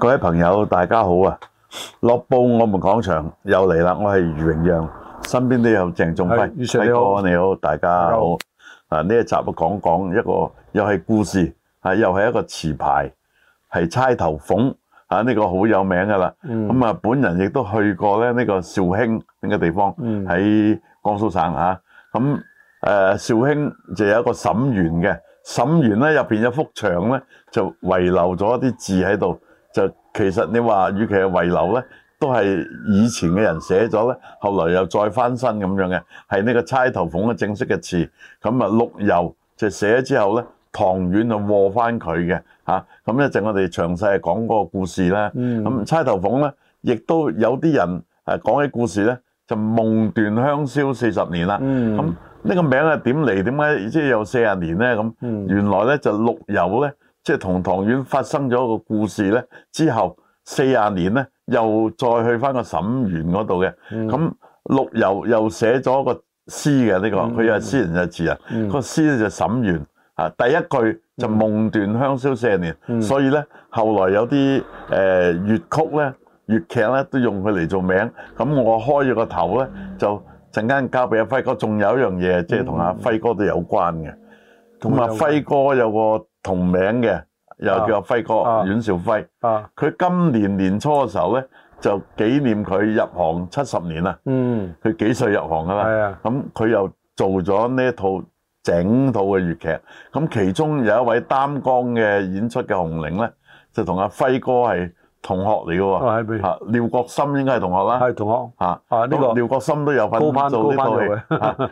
各位朋友，大家好啊！樂報我們講場又嚟啦，我係余榮讓，身邊都有鄭仲輝。余 Sir，西哥，你好，你好，大家好。啊，呢一集啊，講講一個又係故事啊，又係一個詞牌，係《釵頭鳳》啊，呢、這個好有名噶啦。咁、嗯、啊，本人亦都去過咧，呢個紹興呢個地方喺江蘇省啊。咁誒，紹興就有一個沈園嘅，沈園咧入邊有一幅牆咧，就遺留咗一啲字喺度。就其實你話與其係遺留咧，都係以前嘅人寫咗咧，後來又再翻新咁樣嘅，係呢個釵頭鳳嘅正式嘅詞。咁啊陸游就寫咗之後咧，唐婉就和翻佢嘅。吓，咁一陣我哋詳細係講嗰個故事啦。咁釵頭鳳咧，亦都有啲人誒講起故事咧，就夢斷香消四十年啦。咁呢個名係點嚟？點解即係有四十年咧？咁原來咧就陸游咧。即係同唐苑發生咗個故事咧，之後四十年咧，又再去翻個沈園嗰度嘅。咁陸游又寫咗個詩嘅呢個，佢又詩人又詞人。個詩咧就沈園啊，第一句就夢斷香消四十年。所以咧，後來有啲誒粵曲咧、粵劇咧，都用佢嚟做名。咁我開咗個頭咧，就陣間交俾阿輝哥。仲有一樣嘢，即係同阿輝哥都有關嘅。同阿輝哥有個。同名嘅又叫阿輝哥、啊、阮兆輝，佢、啊啊、今年年初嘅時候咧就紀念佢入行七十年啦。嗯，佢幾歲入行嘅啦，係啊，咁佢又做咗呢一套整套嘅粵劇，咁其中有一位擔綱嘅演出嘅紅伶咧，就同阿輝哥係。同學嚟嘅喎，廖國森應該係同學啦，係同學，啊，呢個廖國森都有份做呢套戲，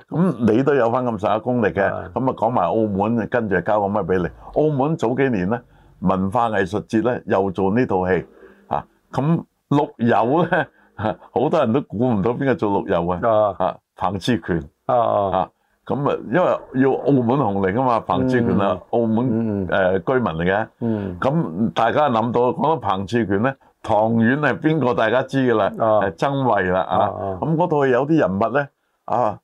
咁你都有翻咁上下功力嘅，咁啊講埋澳門，跟住交個咪俾你？澳門早幾年咧，文化藝術節咧又做呢套戲，啊，咁陸游咧，好多人都估唔到邊個做陸游啊，啊，彭志權，啊。咁啊，因為要澳門紅嚟㗎嘛，彭志權啊，澳門誒居民嚟嘅。咁大家諗到講到彭志權咧，唐婉係邊個？大家知嘅啦，係曾慧啦啊。咁嗰度有啲人物咧，啊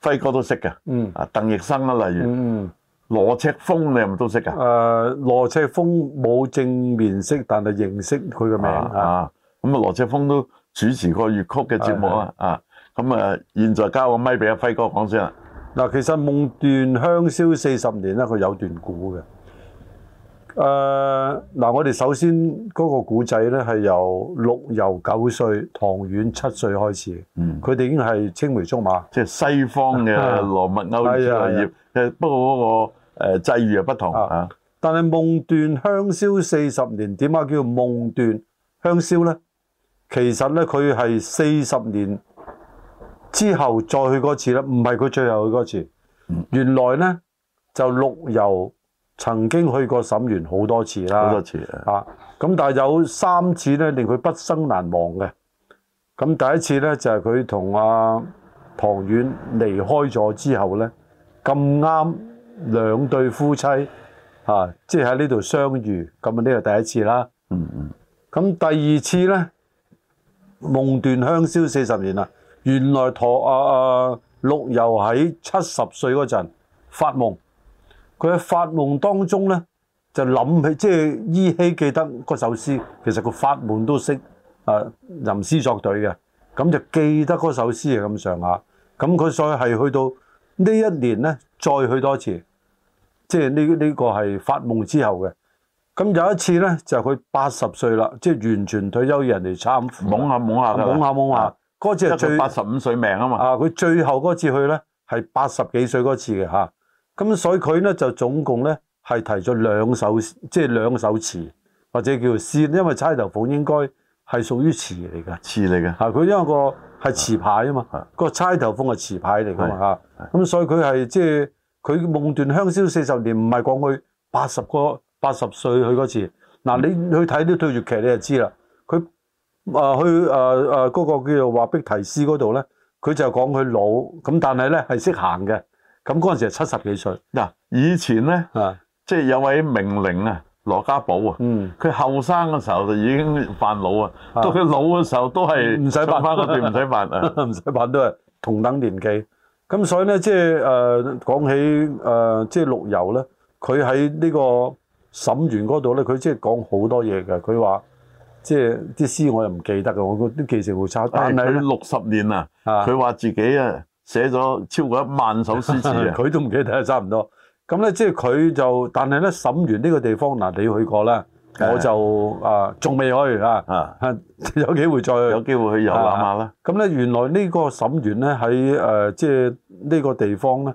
輝哥都識嘅。啊，鄧奕生啊，例如羅赤峯，你係咪都識㗎？誒，羅赤峯冇正面識，但係認識佢嘅名啊。咁啊，羅赤峯都主持過粵曲嘅節目啊。啊，咁啊，現在交個咪俾阿輝哥講先啦。嗱，其實夢斷香消四十年咧，佢有段古嘅、呃。誒，嗱，我哋首先嗰個古仔咧，係由陸游九歲，唐婉七歲開始。佢哋、嗯、已經係青梅竹馬，即係西方嘅羅密歐之類嘅。不過嗰個誒際遇又不同啊。但係夢斷香消四十年，點解叫夢斷香消咧？其實咧，佢係四十年。之後再去過次啦，唔係佢最後去過次。嗯、原來咧就陸游曾經去過沈園好多次啦，好多次咁、啊、但係有三次咧令佢畢生難忘嘅。咁、啊、第一次咧就係佢同阿唐婉離開咗之後咧，咁啱兩對夫妻啊，即係喺呢度相遇，咁啊呢個第一次啦。嗯嗯。咁、啊、第二次咧，夢斷香消四十年啦。原來陀阿阿陸游喺七十歲嗰陣發夢，佢喺發夢當中咧就諗起，即係依稀記得嗰首詩。其實佢發夢都識，誒吟詩作對嘅，咁就記得嗰首詩係咁上下。咁佢所以係去到呢一年咧，再去多次，即係呢呢個係發夢之後嘅。咁有一次咧，就係佢八十歲啦，即係完全退休，人哋蔘捧下捧下，捧下捧下。嗰次係最八十五歲命嘛啊嘛！啊，佢最後嗰次去咧係八十幾歲嗰次嘅嚇，咁所以佢咧就總共咧係提咗兩首，即係兩首詞或者叫做詩，因為釵頭鳳應該係屬於詞嚟噶，詞嚟嘅嚇。佢、啊、因為個係詞牌啊嘛，的個釵頭鳳係詞牌嚟噶嘛嚇，咁的、啊、所以佢係即係佢夢斷香消四十年，唔係講佢八十個八十歲去嗰次。嗱、啊，你去睇啲退粵劇你就知啦，佢。啊，去誒誒，啊啊那個叫做畫壁題詩嗰度咧，佢就講佢老，咁但係咧係識行嘅，咁嗰陣時係七十幾歲。嗱，以前咧，即係、啊、有位名伶啊，羅家寶啊，佢後生嘅時候就已經扮老啊，到佢老嘅時候都係唔使扮翻嗰唔使扮啊，唔使扮都係同等年紀。咁所以咧，即係誒講起誒即係陸游咧，佢、呃、喺、就是、呢個沈園嗰度咧，佢即係講好多嘢嘅，佢話。即係啲詩我又唔記得嘅，我啲記性好差。但係佢六十年啊，佢話自己啊寫咗超過一萬首詩詞啊，佢 都唔記得，差唔多。咁咧即係佢就，但係咧沈園呢個地方嗱，你去過啦，我就啊仲未去啊，的 有機會再有機會去遊覽下啦。咁咧原來呢個沈園咧喺誒即係呢個地方咧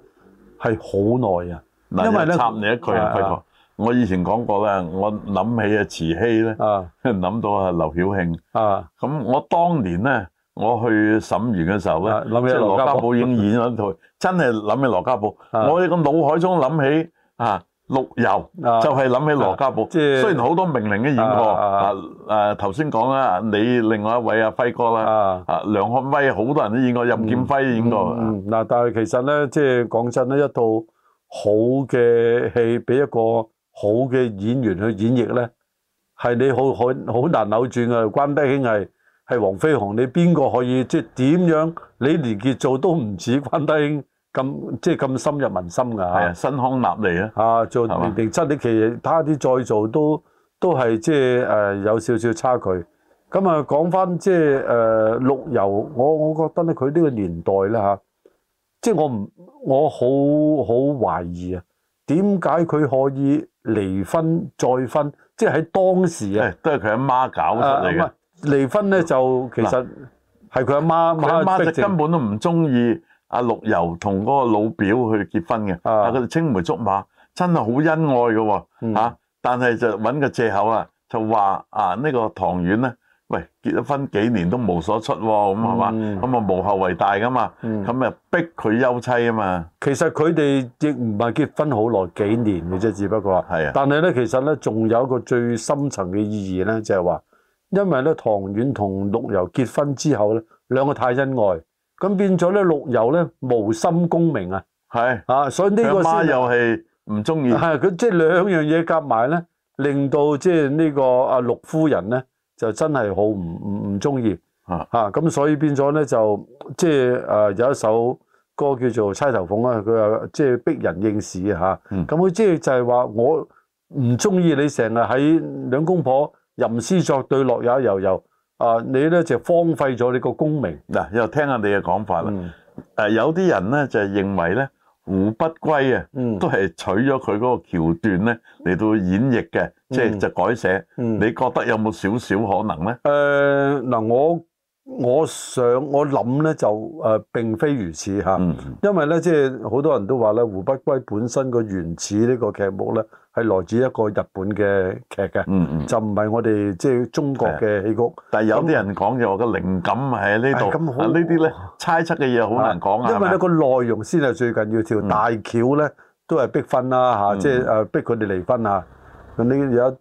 係好耐啊，那因為呢插你一句啊，我以前講過啦，我諗起啊慈禧咧，諗、啊、到啊劉曉慶，咁、啊、我當年咧我去審完嘅時候咧，即係、啊、羅家寶已經演咗套，啊、真係諗起羅家寶。是我嘅腦海中諗起啊陸游就係、是、諗起羅家寶，即雖然好多名伶都演過啊，誒頭先講啦，你另外一位阿輝哥啦、啊啊，啊梁漢威好多人都演過，任劍輝演過，嗱、嗯嗯嗯、但係其實咧即係講真呢，就是、真的一套好嘅戲俾一個。好嘅演員去演繹咧，係你好可好難扭轉嘅。關德興係係黃飛鴻，你邊個可以即係點樣？李連杰做都唔似關德興咁，即係咁深入民心㗎。係啊，新康納嚟啦。啊，做李連杰，你吧其他啲再做都都係即係誒、呃、有少少差距。咁啊，講翻即係誒陸游，我我覺得咧，佢呢個年代咧嚇、啊，即係我唔我好好懷疑啊，點解佢可以？離婚再婚，即係喺當時啊，都係佢阿媽搞出嚟嘅、啊。離婚咧就其實係佢阿媽，佢阿媽其實根本都唔中意阿陸游同嗰個老表去結婚嘅，啊佢哋青梅竹馬，真係好恩愛嘅喎、啊嗯、但係就揾個借口啊，就話啊呢個唐婉咧。喂，結咗婚幾年都無所出，哦，咁係嘛？咁啊、嗯、無後為大噶嘛？咁啊逼佢休妻啊嘛。其實佢哋亦唔係結婚好耐幾年嘅啫，只不過係、哦、啊。但係咧，其實咧仲有一個最深層嘅意義咧，就係、是、話，因為咧唐婉同陸游結婚之後咧，兩個太恩愛，咁變咗咧陸游咧無心功名啊。係啊，所以個、啊就是、呢個佢媽又係唔中意。係佢即係兩樣嘢夾埋咧，令到即係呢個阿、啊、陸夫人咧。就真係好唔唔唔中意啊！啊，咁所以變咗咧，就即係誒有一首歌叫做《釵頭鳳》啦。佢話即係逼人應試啊！嚇、嗯，咁佢即係就係話我唔中意你成日喺兩公婆吟詩作對落游游游，樂也悠悠啊！你咧就荒廢咗你個功名嗱、啊。又聽下你嘅講法啦。誒、嗯啊、有啲人咧就係認為咧《胡不歸》啊，都係取咗佢嗰個橋段咧嚟到演繹嘅。即係就改寫，你覺得有冇少少可能咧？誒嗱，我我想我諗咧，就誒並非如此嚇，因為咧，即係好多人都話咧，《胡不歸》本身個原始呢個劇目咧，係來自一個日本嘅劇嘅，就唔係我哋即係中國嘅戲曲。但係有啲人講就話個靈感喺呢度，咁呢啲咧猜測嘅嘢好難講啊。因為呢個內容先係最近要跳大橋咧，都係逼婚啦嚇，即係誒逼佢哋離婚啊。咁呢有一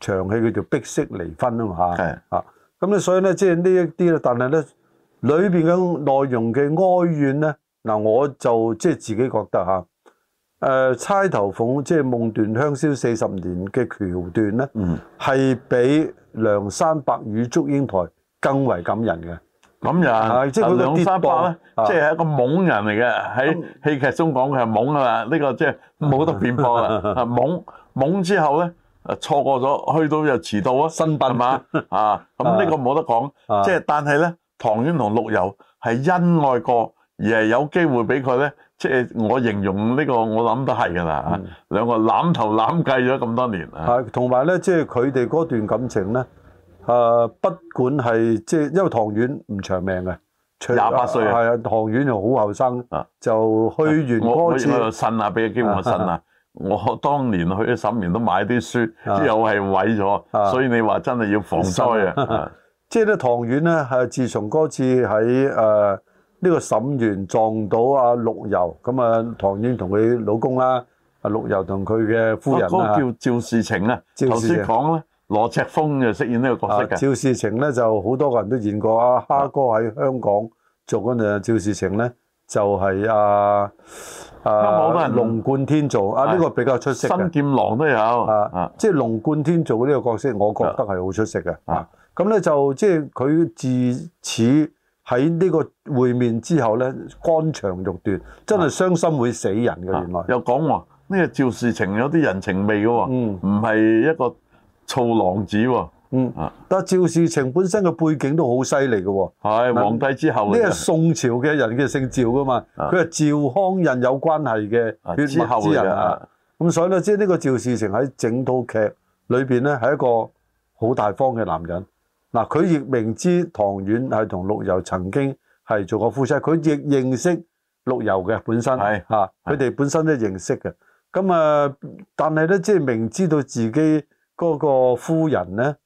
場戲叫做《逼媳離婚》啊嘛，嚇，啊，咁咧所以咧，即係呢一啲咧，但係咧裏邊嘅內容嘅哀怨咧，嗱我就即係自己覺得嚇，誒釵頭鳳即係夢斷香消四十年嘅橋段咧，係比梁山伯與祝英台更為感人嘅。咁樣，即係佢梁山伯咧，即係一個懵人嚟嘅，喺戲劇中講嘅係懵啊嘛，呢個即係冇得辯駁啦，懵。懵之後咧，誒錯過咗，去到又遲到啊，新品嘛啊，咁呢個冇得講，即係但係咧，唐婉同陸游係恩愛過，而係有機會俾佢咧，即、就、係、是、我形容呢個我想是的，我諗都係㗎啦啊，兩個攬頭攬計咗咁多年啊，同埋咧，即係佢哋嗰段感情咧，誒、啊、不管係即係因為唐婉唔長命嘅，廿八歲，係啊，啊唐婉就好後生，是就去完嗰次，我我，我就信啊，俾個機會我信啊。我當年去咗沈園都買啲書，後係毀咗，啊、所以你話真係要防災啊！即係咧，唐婉咧，係自從嗰次喺誒呢個沈園撞到阿陸游，咁、嗯、啊，唐婉同佢老公啦，阿陸游同佢嘅夫人都、啊、叫趙士情、啊、趙情呢頭先講啦，羅赤峰就飾演呢個角色嘅。趙士、啊、情咧就好多個人都演過、啊，阿蝦哥喺香港做嗰陣，趙士的情咧。就係啊啊，好多龍貫天做啊，呢個，這個比較出色。新劍郎都有啊，啊即係龍貫天做呢個角色，我覺得係好出色嘅。的啊，咁咧、啊、就即係佢自此喺呢個會面之後咧，肝腸欲斷，真係傷心會死人嘅。的啊、原來又講話呢個趙士程有啲人情味嘅喎、哦，唔係、嗯、一個醋浪子喎、哦。嗯，但係趙士程本身嘅背景都好犀利嘅，係皇帝之後呢？係宋朝嘅人嘅是姓趙噶嘛，佢係趙匡胤有關係嘅血脈之人啊。咁所以咧，即係呢個趙士程喺整套劇裏邊咧，係一個好大方嘅男人。嗱、啊，佢亦明知唐婉係同陸游曾經係做過夫妻，佢亦認識陸游嘅本身係吓，佢哋、啊、本身都認識嘅。咁啊、呃，但係咧，即係明知道自己嗰個夫人咧。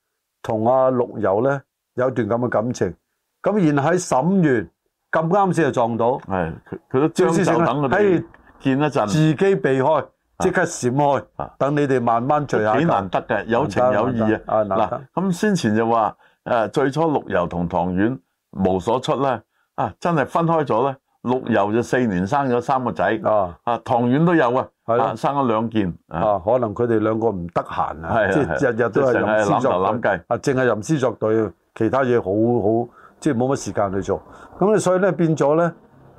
同阿陸游咧有段咁嘅感情，咁然喺沈園咁啱先就撞到，係佢都將就等佢可以見一陣，自己避開，即刻閃開，等是你哋慢慢聚下。幾難得嘅，有情有義啊！嗱，咁先前就話，誒最初陸游同唐婉無所出咧，啊真係分開咗咧，陸游就四年生咗三個仔，啊是唐婉都有啊。係啦、啊，生咗兩件啊，啊可能佢哋兩個唔得閒啊，是的即係日日都係吟詩作對啊，淨係吟詩作對，其他嘢好好，即係冇乜時間去做。咁你所以咧變咗咧，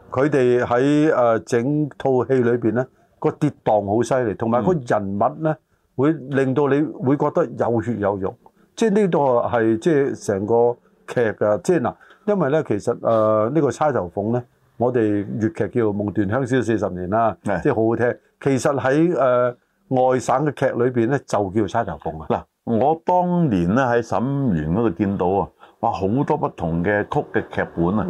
佢哋喺誒整套戲裏邊咧，個跌宕好犀利，同埋個人物咧、嗯、會令到你會覺得有血有肉，即係呢度係即係成個劇啊！即係嗱，因為咧其實誒呢、呃這個釵頭鳳咧，我哋粵劇叫《夢斷香消四十年》啦的，即係好好聽。其實喺誒、呃、外省嘅劇裏邊咧，就叫釵頭鳳啊！嗱、啊，我當年咧喺沈園嗰度見到啊，哇好多不同嘅曲嘅劇本啊！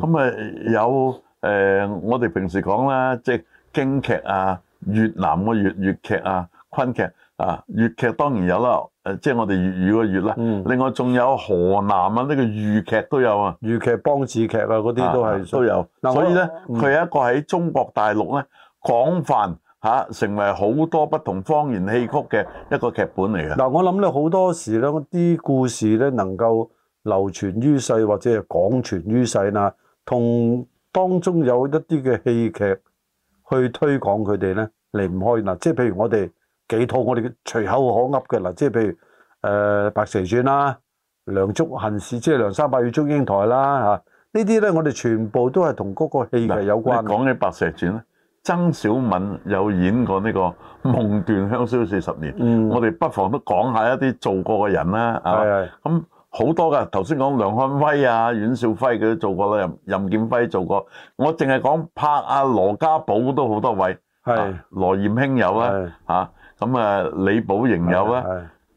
咁啊、嗯、有誒、呃，我哋平時講啦，即、就、係、是、京劇啊、越南嘅越越劇啊、昆劇啊、粵劇當然有啦，誒即係我哋粵語嘅粵啦。越越嗯、另外仲有河南啊，呢、這個豫劇都有啊，豫劇、梆子劇啊嗰啲都係、啊、都有。啊、所以咧，佢、嗯、係一個喺中國大陸咧，廣泛。吓，成為好多不同方言戲曲嘅一個劇本嚟嘅。嗱、啊，我諗咧好多時咧啲故事咧能夠流傳於世或者係廣傳於世啦，同當中有一啲嘅戲劇去推廣佢哋咧，離唔開嗱、啊。即係譬如我哋幾套我哋隨口可噏嘅嗱，即係譬如誒、呃《白蛇傳》啦，《梁祝》、《恨事》即係《梁山伯與祝英台》啦、啊、吓，這些呢啲咧我哋全部都係同嗰個戲劇有關的、啊。你講起《白蛇傳》咧？曾小敏有演過呢、呢個《夢斷香消四十年》嗯，我哋不妨都講下一啲做過嘅人啦。咁好是是、啊、多噶。頭先講梁漢威啊、阮兆輝，佢都做過啦。任任劍輝做過，我淨係講拍阿羅家寶都好多位，是是啊、羅艷卿有啦，咁是是 啊，啊李寶瑩有啦，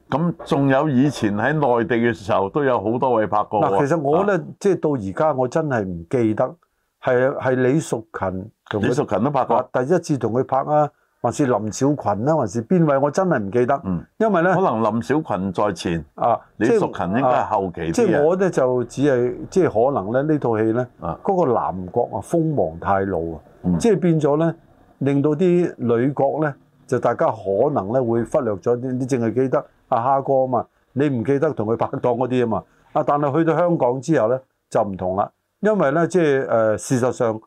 咁仲是是、啊、有以前喺內地嘅時候都有好多位拍過。其實我咧、啊、即係到而家，我真係唔記得。係係李淑勤同、啊、李淑勤都拍過，第一次同佢拍啊，還是林小群啊？還是邊位？我真係唔記得，嗯、因為咧可能林小群在前啊，李淑勤應該係後期、啊啊、即係我咧就只係即係可能咧呢套戲咧，嗰、啊、個男角啊鋒芒太露啊，嗯、即係變咗咧令到啲女角咧就大家可能咧會忽略咗，你你淨係記得阿、啊、蝦哥啊嘛，你唔記得同佢拍檔嗰啲啊嘛。啊，但係去到香港之後咧就唔同啦。因為咧，即係誒、呃、事實上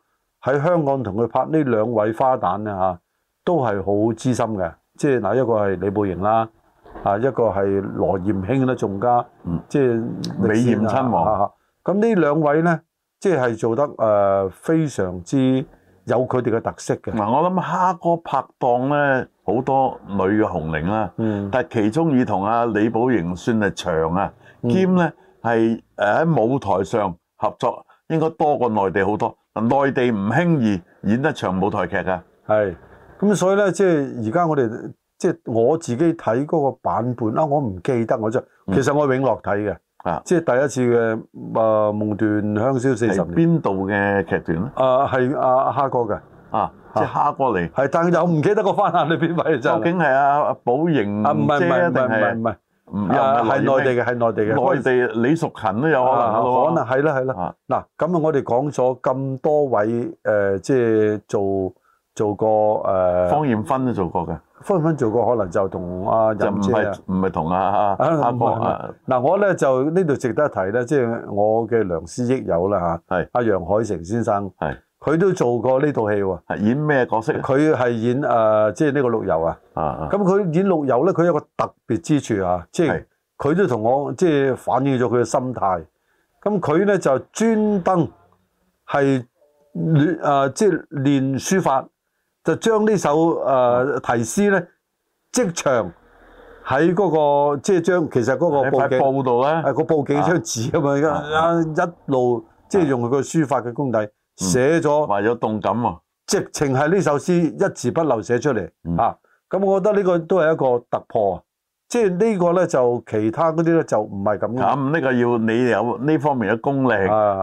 喺香港同佢拍呢兩位花旦咧、啊、都係好資深嘅。即係嗱，一個係李寶瑩啦，啊一個係羅艷卿啦，仲加，即係美艷親王咁呢兩位咧，即係做得誒、呃、非常之有佢哋嘅特色嘅。嗱、嗯，我諗蝦哥拍檔咧好多女嘅紅伶啦、啊，嗯，但其中以同阿李寶瑩算係長啊，兼咧係喺舞台上合作。應該多過內地好多，內地唔輕易演一場舞台劇㗎。係，咁所以咧，即係而家我哋，即係我自己睇嗰個版本啊，我唔記得我真係，其實我永樂睇嘅，嗯、即係第一次嘅啊、呃、夢斷香消四十年邊度嘅劇團咧？啊，係阿、啊、哈哥嘅，啊即係哈哥嚟、啊。但係又唔記得那個翻眼裏邊位究竟係阿寶瑩係啊，係內地嘅，係內地嘅。內地李淑勤都有可能，可能係啦，係啦。嗱，咁啊，我哋講咗咁多位誒，即、呃、係、就是、做做過誒。呃、芳艷芬都做過嘅。芳艷芬做過，可能就同阿、啊、任唔係唔係同啊啊阿伯。嗱、啊啊，我咧就呢度值得一提咧，即、就、係、是、我嘅良師益友啦嚇。係的。阿、啊、楊海誠先生。係。佢都做過呢套戲喎，演咩角色？佢係演誒，即係呢個陸游啊。啊！咁佢演陸游咧，佢有個特別之處啊，即係佢都同我即係、就是、反映咗佢嘅心態。咁佢咧就專登係練即係練書法，就將這首、呃、提示呢首誒題詩咧即場喺嗰個即係、就是、將其實嗰個報紙度咧，係個報紙張紙啊嘛，而家、啊啊、一路即係、就是、用佢嘅書法嘅功底。寫咗，話、嗯、有動感啊！直情係呢首詩一字不漏寫出嚟，咁、嗯啊、我覺得呢個都係一個突破，即、就、係、是、呢個咧就其他嗰啲咧就唔係咁。咁呢、嗯，這個要你有呢方面嘅功力，的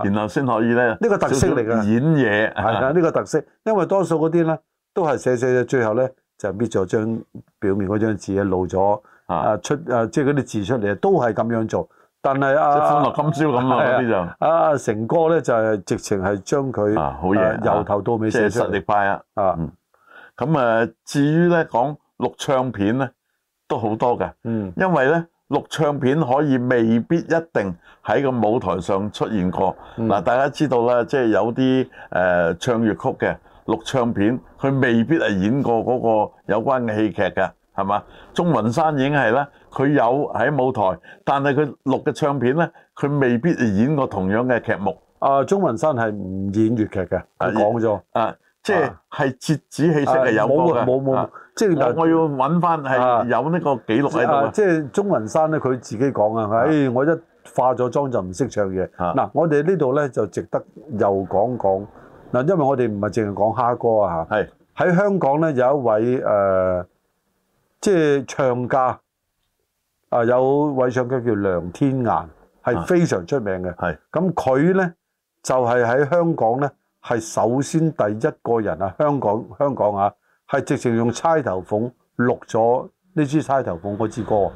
然後先可以咧。呢、這個特色嚟嘅。演嘢，係啦，呢、這個特色，因為多數嗰啲咧都係寫寫，最後咧就搣咗將表面嗰張字露咗啊出啊，即係嗰啲字出嚟都係咁樣做。但係啊，即係歡樂今宵咁啊，呢啲就啊，啊，成哥咧就係直情係將佢啊，由、啊、頭到尾寫出、啊就是、實力派啊，啊，咁啊、嗯，至於咧講錄唱片咧，都好多㗎，嗯，因為咧錄唱片可以未必一定喺個舞台上出現過，嗱、嗯，大家知道啦，即、就、係、是、有啲誒、呃、唱粵曲嘅錄唱片，佢未必係演過嗰個有關嘅戲劇嘅，係嘛？鍾雲山已經係啦。佢有喺舞台，但係佢錄嘅唱片咧，佢未必演過同樣嘅劇目。啊，鍾雲山係唔演粵劇嘅，佢講咗、啊。啊，即係係截止氣息係、啊、有冇冇冇，即係我要揾翻係有呢個記錄喺度。即係鍾雲山咧，佢自己講啊，誒的，我一化咗妝就唔識唱嘢。嗱的、啊，我哋呢度咧就值得又講講。嗱，因為我哋唔係淨係講蝦歌啊，係喺的香港咧有一位誒，即、呃、係、就是、唱家。啊！有位唱家叫梁天雁，係非常出名嘅。咁佢呢，就係、是、喺香港呢，係首先第一個人啊！香港香港啊，係直情用釵頭鳳錄咗呢支釵頭鳳嗰支歌。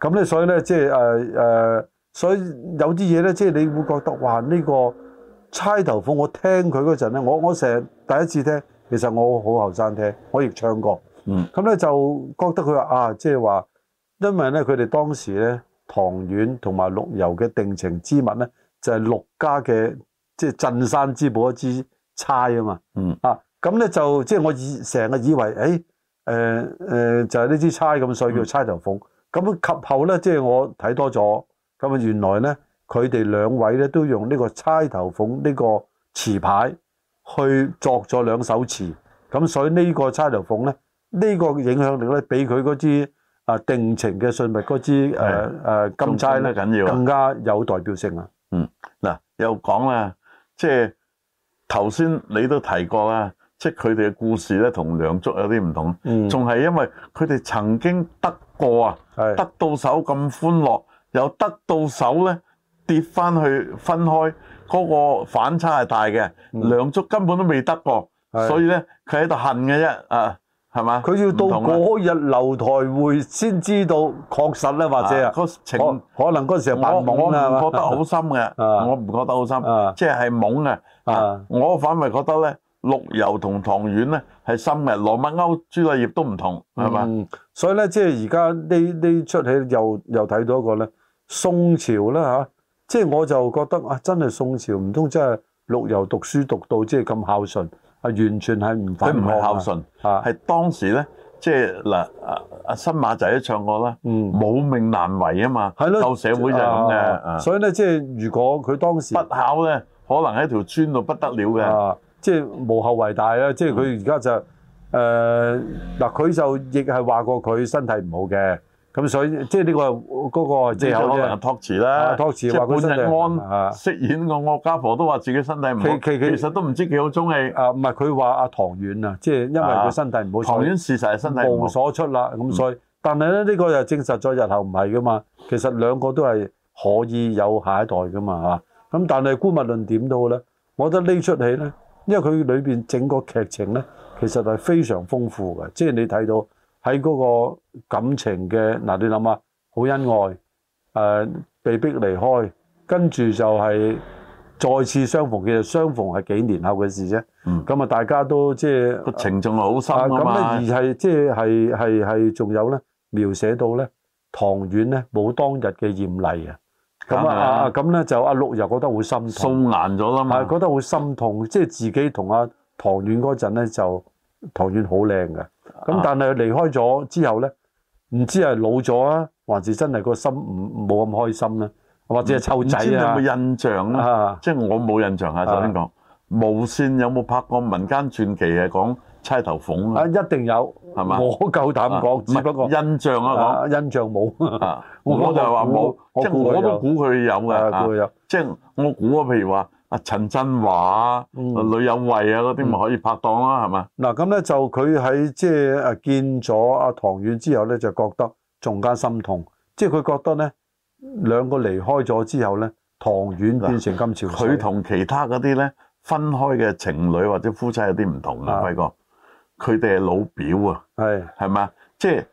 咁呢，所以呢，即係誒誒，所以有啲嘢呢，即係你會覺得哇！呢個釵頭鳳，我聽佢嗰陣呢，我我成日第一次聽，其實我好後生聽，我亦唱過。嗯，咁呢，就覺得佢話啊，即係話。因為咧，佢哋當時咧，唐苑同埋陸游嘅定情之物咧，就係、是、陸家嘅即係鎮山之寶一支釵啊嘛。嗯啊，咁咧就即係、就是、我以成日以為，誒誒誒，就係、是、呢支釵咁，所以叫釵頭鳳。咁、嗯、及後咧，即、就、係、是、我睇多咗，咁啊，原來咧，佢哋兩位咧都用呢個釵頭鳳呢個詞牌去作咗兩首詞，咁所以個差呢個釵頭鳳咧，呢、這個影響力咧，比佢嗰支。啊，定情嘅信物嗰支誒誒金釵咧，緊要更加有代表性啊！嗯，嗱又講啦，即係頭先你都提過啦，即係佢哋嘅故事咧，同梁祝有啲唔同，仲係、嗯、因為佢哋曾經得過啊，的得到手咁歡樂，又得到手咧跌翻去分開，嗰、嗰個反差係大嘅。嗯、梁祝根本都未得過，的所以咧佢喺度恨嘅啫啊！係嘛？佢要到嗰日樓台會先知道確實咧，或者嗰、啊、情可能嗰陣時盲懵啊，我唔覺得好深嘅，係啊、係係懵我唔覺得好深，即係懵嘅。我反為覺得咧，陸游同唐婉咧係深嘅，羅密歐朱麗葉都唔同係嘛、嗯。所以咧，即係而家呢呢出戲又又睇到一個咧，宋朝咧嚇，即係我就覺得啊，真係宋朝唔通真係陸游讀書,讀書,讀到即係咁孝順。完全係唔，佢唔係孝順，係當時咧，即係嗱，阿阿新馬仔都唱過啦，《母命難違》啊嘛，舊社會就係咁嘅，所以咧，即係如果佢當時不孝咧，可能喺條村度不得了嘅，即係無後為大啦。即係佢而家就誒嗱，佢就亦係話過佢身體唔好嘅。咁所以即呢個嗰個即好可能係託詞啦。託詞話本身係安飾演個惡家婆都話自己身體唔好。其其實都唔知幾好中意。啊，唔係佢話阿唐婉啊，即係因為佢身體唔好，啊。唐婉事實係身體無所出啦。咁、嗯、所以，但係咧呢個又證實咗日後唔係噶嘛。其實兩個都係可以有下一代噶嘛，咁、啊、但係姑勿論點都好咧，我覺得出呢出戲咧，因為佢裏面整個劇情咧，其實係非常豐富嘅，即係你睇到。喺嗰個感情嘅嗱，你諗啊，好恩愛，誒被逼離開，跟住就係再次相逢，其實相逢係幾年後嘅事啫。咁啊，大家都即係個情仲係好深啊嘛。而係即係係係係仲有咧，描寫到咧，唐婉咧冇當日嘅豔麗啊。咁啊啊，咁咧就阿陸又覺得好心痛。素顏咗啦嘛。係覺得好心痛，即係自己同阿唐婉嗰陣咧，就唐婉好靚嘅。咁但係離開咗之後咧，唔知係老咗啊，還是真係個心唔冇咁開心咧，或者係湊仔啊？五千有冇印象咧？即係我冇印象啊！首先講，無線有冇拍過民間傳奇啊？講釵頭鳳啊？一定有，係咪？我夠膽講，只不過印象啊講，印象冇。我就係話冇，即係我都估佢有嘅，估佢有。即係我估啊，譬如話。阿陳振華啊，阿呂有慧啊，嗰啲咪可以拍檔啦，係嘛、嗯？嗱咁咧就佢喺即係誒見咗阿唐婉之後咧，就覺得仲加心痛。即係佢覺得咧兩個離開咗之後咧，唐婉變成金朝佢同、嗯、其他嗰啲咧分開嘅情侶或者夫妻有啲唔同啊，輝哥。佢哋係老表是、就是、啊，係係嘛？即係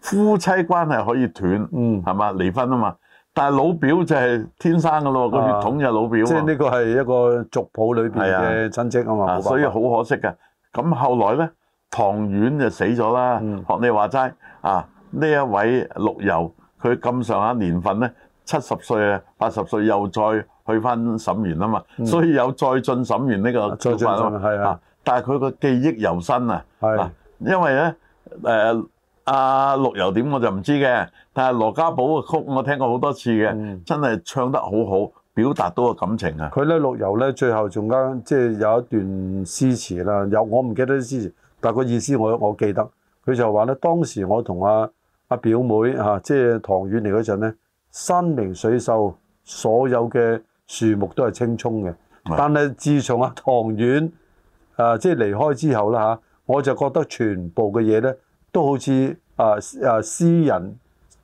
夫妻關係可以斷，嗯係嘛？離婚啊嘛。但係老表就係天生噶咯，個血統就係老表。啊、即係呢個係一個族譜裏邊嘅親戚啊嘛，白白所以好可惜嘅。咁後來咧，唐婉就死咗啦。學、嗯、你話齋啊，呢一位陸游，佢咁上下年份咧，七十歲啊，八十歲又再去返沈園啊嘛，嗯、所以有再進沈園呢個做法啊，啊，但係佢個記憶猶新是啊。係，因為咧誒。呃阿、啊、陸游點我就唔知嘅，但係羅家寶嘅曲我聽過好多次嘅，嗯、真係唱得好好，表達到個感情啊！佢咧陸游咧最後仲加即係有一段詩詞啦，有我唔記得啲詩詞，但係個意思我我記得，佢就話咧當時我同阿阿表妹啊即係唐婉嚟嗰陣咧，山明水秀，所有嘅樹木都係青葱嘅，的但係自從阿、啊、唐婉啊即係離開之後啦、啊、我就覺得全部嘅嘢咧。都好似啊詩、啊、人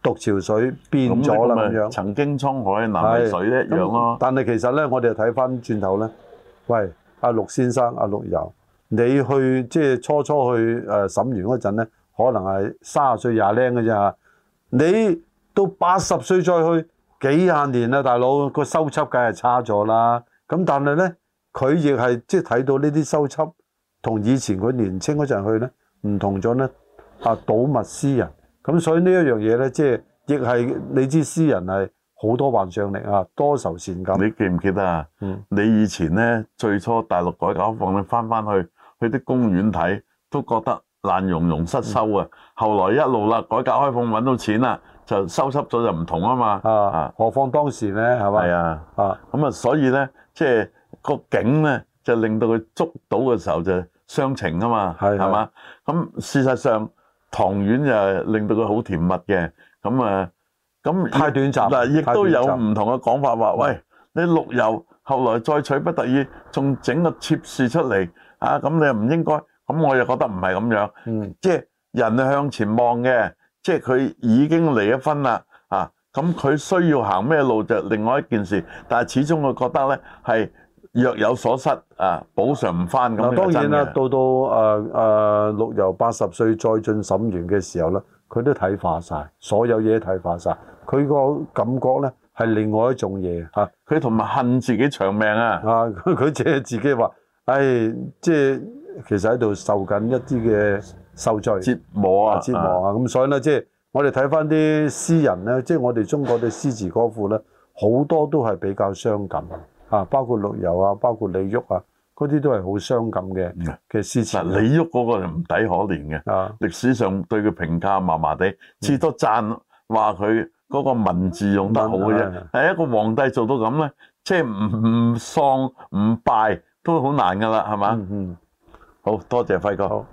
獨潮水變咗啦，咁啊，曾經滄海難為水一樣咯。但係其實咧，我哋睇返轉頭咧，喂，阿、啊、陸先生、阿、啊、陸遊，你去即係、就是、初初去誒、啊、沈園嗰陣咧，可能係卅歲廿零嘅啫。你到八十歲再去幾廿年啦，大佬個修葺梗係差咗啦。咁但係咧，佢亦係即係睇到呢啲修葺同以前佢年青嗰陣去咧唔同咗咧。啊！睹物思人，咁所以呢一樣嘢咧，即係亦係你知，詩人係好多幻想力啊，多愁善感。你記唔記得啊？嗯。你以前咧，最初大陸改革開放翻翻去，去啲公園睇，都覺得爛融融失修啊。嗯、後來一路啦，改革開放搵到錢啦，就收拾咗就唔同啊嘛。啊。何況當時咧，係咪？係啊。啊。咁啊，啊所以咧，即係個景咧，就令到佢捉到嘅時候就傷情啊嘛。係的。咪？嘛？咁事實上。唐婉就令到佢好甜蜜嘅，咁啊，咁太短暫。嗱，亦都有唔同嘅講法話，喂，你陸游後來再取不得已，仲整個妾侍出嚟啊？咁你又唔應該？咁我又覺得唔係咁樣。嗯，即係人向前望嘅，即係佢已經離咗婚啦啊！咁佢需要行咩路就另外一件事，但係始終我覺得呢係。若有所失啊，補償唔翻咁。嗱，當然啦，到到誒誒陸游八十歲再進沈園嘅時候咧，佢都睇化晒，所有嘢睇化晒。佢個感覺咧係另外一種嘢嚇。佢同埋恨自己長命啊！啊，佢佢即係自己話：，唉、哎，即係其實喺度受緊一啲嘅受罪折磨啊，啊，折磨啊。咁所以咧，即係我哋睇翻啲詩人咧，即係我哋中國嘅詩詞歌賦咧，好多都係比較傷感。啊！包括陸游啊，包括李煜啊，嗰啲都係好傷感嘅嘅詩詞。李煜嗰個係唔抵可憐嘅，啊、歷史上對佢評價麻麻地，至、嗯、多讚話佢嗰個文字用得好嘅啫。係、嗯嗯嗯、一個皇帝做到咁咧，即係唔唔喪唔敗都好難噶啦，係嘛？好多謝輝哥。好